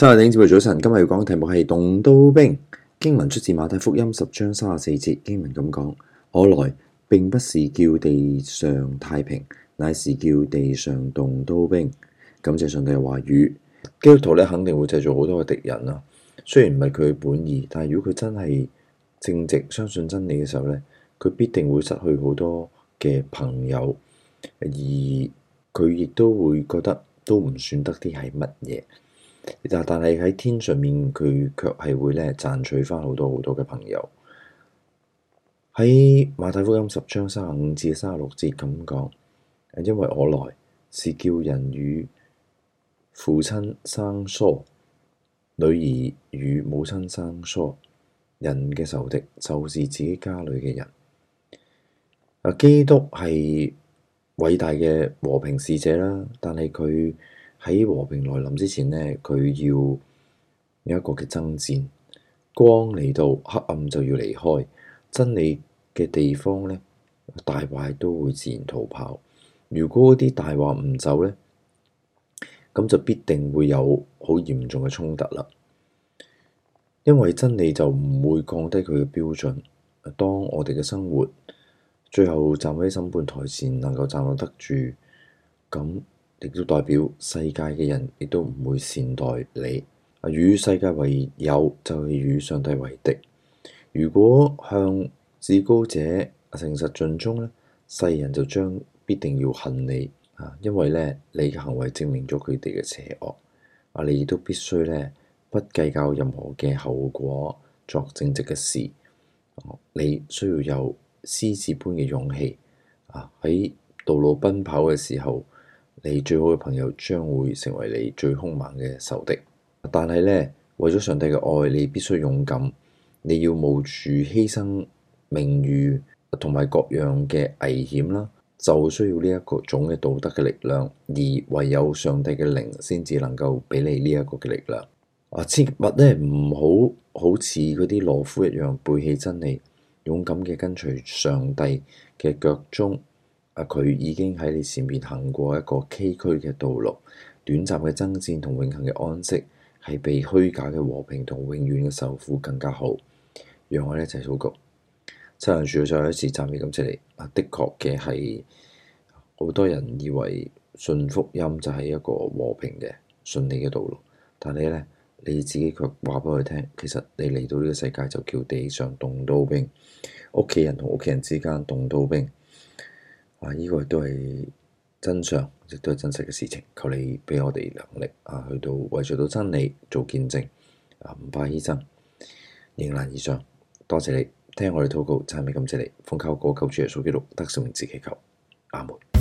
三日頂接早晨。今日要講嘅題目係動刀兵。經文出自馬太福音十章三十四節，經文咁講：我來並不是叫地上太平，乃是叫地上動刀兵。感謝上帝嘅話語，基督徒咧肯定會製造好多嘅敵人啦。雖然唔係佢本意，但係如果佢真係正直、相信真理嘅時候咧，佢必定會失去好多嘅朋友，而佢亦都會覺得都唔算得啲係乜嘢。但但係喺天上面，佢卻係會咧賺取返好多好多嘅朋友。喺馬太福音十章三十五至三十六節咁講，因為我來是叫人與父親生疏，女兒與母親生疏，人嘅仇敵就是自己家裏嘅人。啊，基督係偉大嘅和平使者啦，但係佢。喺和平來臨之前呢，佢要有一個嘅爭戰。光嚟到，黑暗就要離開。真理嘅地方呢，大話都會自然逃跑。如果啲大話唔走呢，咁就必定會有好嚴重嘅衝突啦。因為真理就唔會降低佢嘅標準。當我哋嘅生活最後站喺審判台前，能夠站立得住，咁。亦都代表世界嘅人，亦都唔會善待你。與世界為友就係、是、與上帝為敵。如果向至高者誠實盡忠呢，世人就將必定要恨你啊，因為呢，你嘅行為證明咗佢哋嘅邪惡啊。你亦都必須呢，不計較任何嘅後果，作正直嘅事。你需要有獅子般嘅勇氣啊！喺道路奔跑嘅時候。你最好嘅朋友將會成為你最兇猛嘅仇敵，但係呢，為咗上帝嘅愛，你必須勇敢，你要冒住犧牲名譽同埋各樣嘅危險啦，就需要呢一個種嘅道德嘅力量，而唯有上帝嘅靈先至能夠俾你呢一個嘅力量。啊，切勿呢唔好好似嗰啲懦夫一樣背棄真理，勇敢嘅跟隨上帝嘅腳蹤。佢已經喺你前面行過一個崎嶇嘅道路，短暫嘅爭戰同永恆嘅安息，係比虛假嘅和平同永遠嘅受苦更加好。讓我哋一齊禱告。七人主再有一次站喺咁出嚟，啊，的確嘅係好多人以為信福音就係一個和平嘅順利嘅道路，但係呢，你自己卻話俾佢聽，其實你嚟到呢個世界就叫地上動刀兵。屋企人同屋企人之間動刀兵。啊！依、這個都係真相，亦都係真實嘅事情。求你畀我哋能力啊，去到為做到真理做見證啊，唔怕犧牲，迎難而上。多謝你聽我哋禱告，讚美感謝你。奉靠過救主耶穌基督得勝名字祈求，阿門。